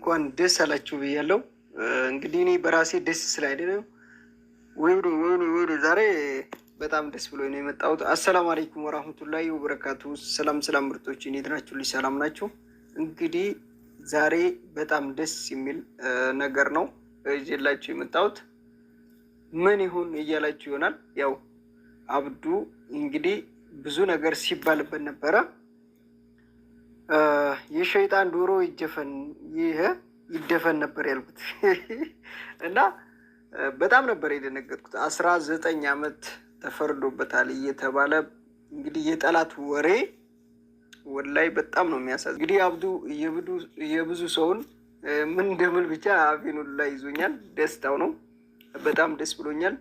እንኳን ደስ አላችሁ ያለው እንግዲህ እኔ በራሴ ደስ ስላይደለም ወይኔ ወይኔ ወይኔ ዛሬ በጣም ደስ ብሎ ነው የመጣሁት። አሰላሙ አለይኩም ወራህመቱላሂ ወበረካቱ። ሰላም ሰላም ምርጦች እንዴት ናችሁ? ልጅ ሰላም ናችሁ? እንግዲህ ዛሬ በጣም ደስ የሚል ነገር ነው ይዤላችሁ የመጣሁት። ምን ይሁን እያላችሁ ይሆናል። ያው አብዱ እንግዲህ ብዙ ነገር ሲባልበት ነበረ የሸይጣን ዶሮ ይደፈን ይህ ይደፈን ነበር ያልኩት እና በጣም ነበር የደነገጥኩት። አስራ ዘጠኝ ዓመት ተፈርዶበታል እየተባለ እንግዲህ የጠላት ወሬ ላይ በጣም ነው የሚያሳዝ። እንግዲህ አብዱ የብዙ ሰውን ምን እንደምል ብቻ አፌኑ ላይ ይዞኛል። ደስታው ነው በጣም ደስ ብሎኛል።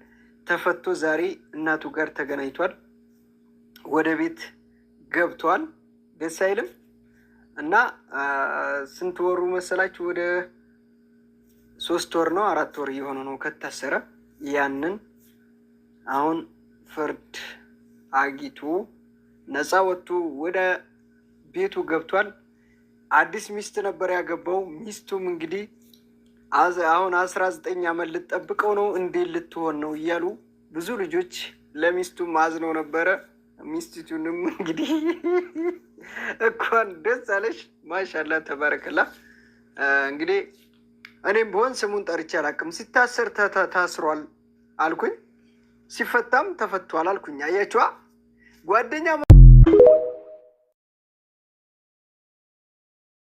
ተፈቶ ዛሬ እናቱ ጋር ተገናኝቷል። ወደ ቤት ገብቷል። ደስ አይልም? እና ስንት ወሩ መሰላችሁ? ወደ ሶስት ወር ነው አራት ወር እየሆነ ነው ከታሰረ። ያንን አሁን ፍርድ አግኝቶ ነፃ ወጥቶ ወደ ቤቱ ገብቷል። አዲስ ሚስት ነበር ያገባው። ሚስቱም እንግዲህ አሁን አስራ ዘጠኝ ዓመት ልትጠብቀው ነው እንዴ ልትሆን ነው እያሉ ብዙ ልጆች ለሚስቱም አዝነው ነበረ። ሚስቲቱንም እንግዲህ እንኳን ደስ አለሽ። ማሻላ ተባረከላ። እንግዲህ እኔም ቢሆን ስሙን ጠርቼ አላውቅም። ሲታሰር ታስሯል አልኩኝ፣ ሲፈታም ተፈቷል አልኩኝ። አያችዋ ጓደኛ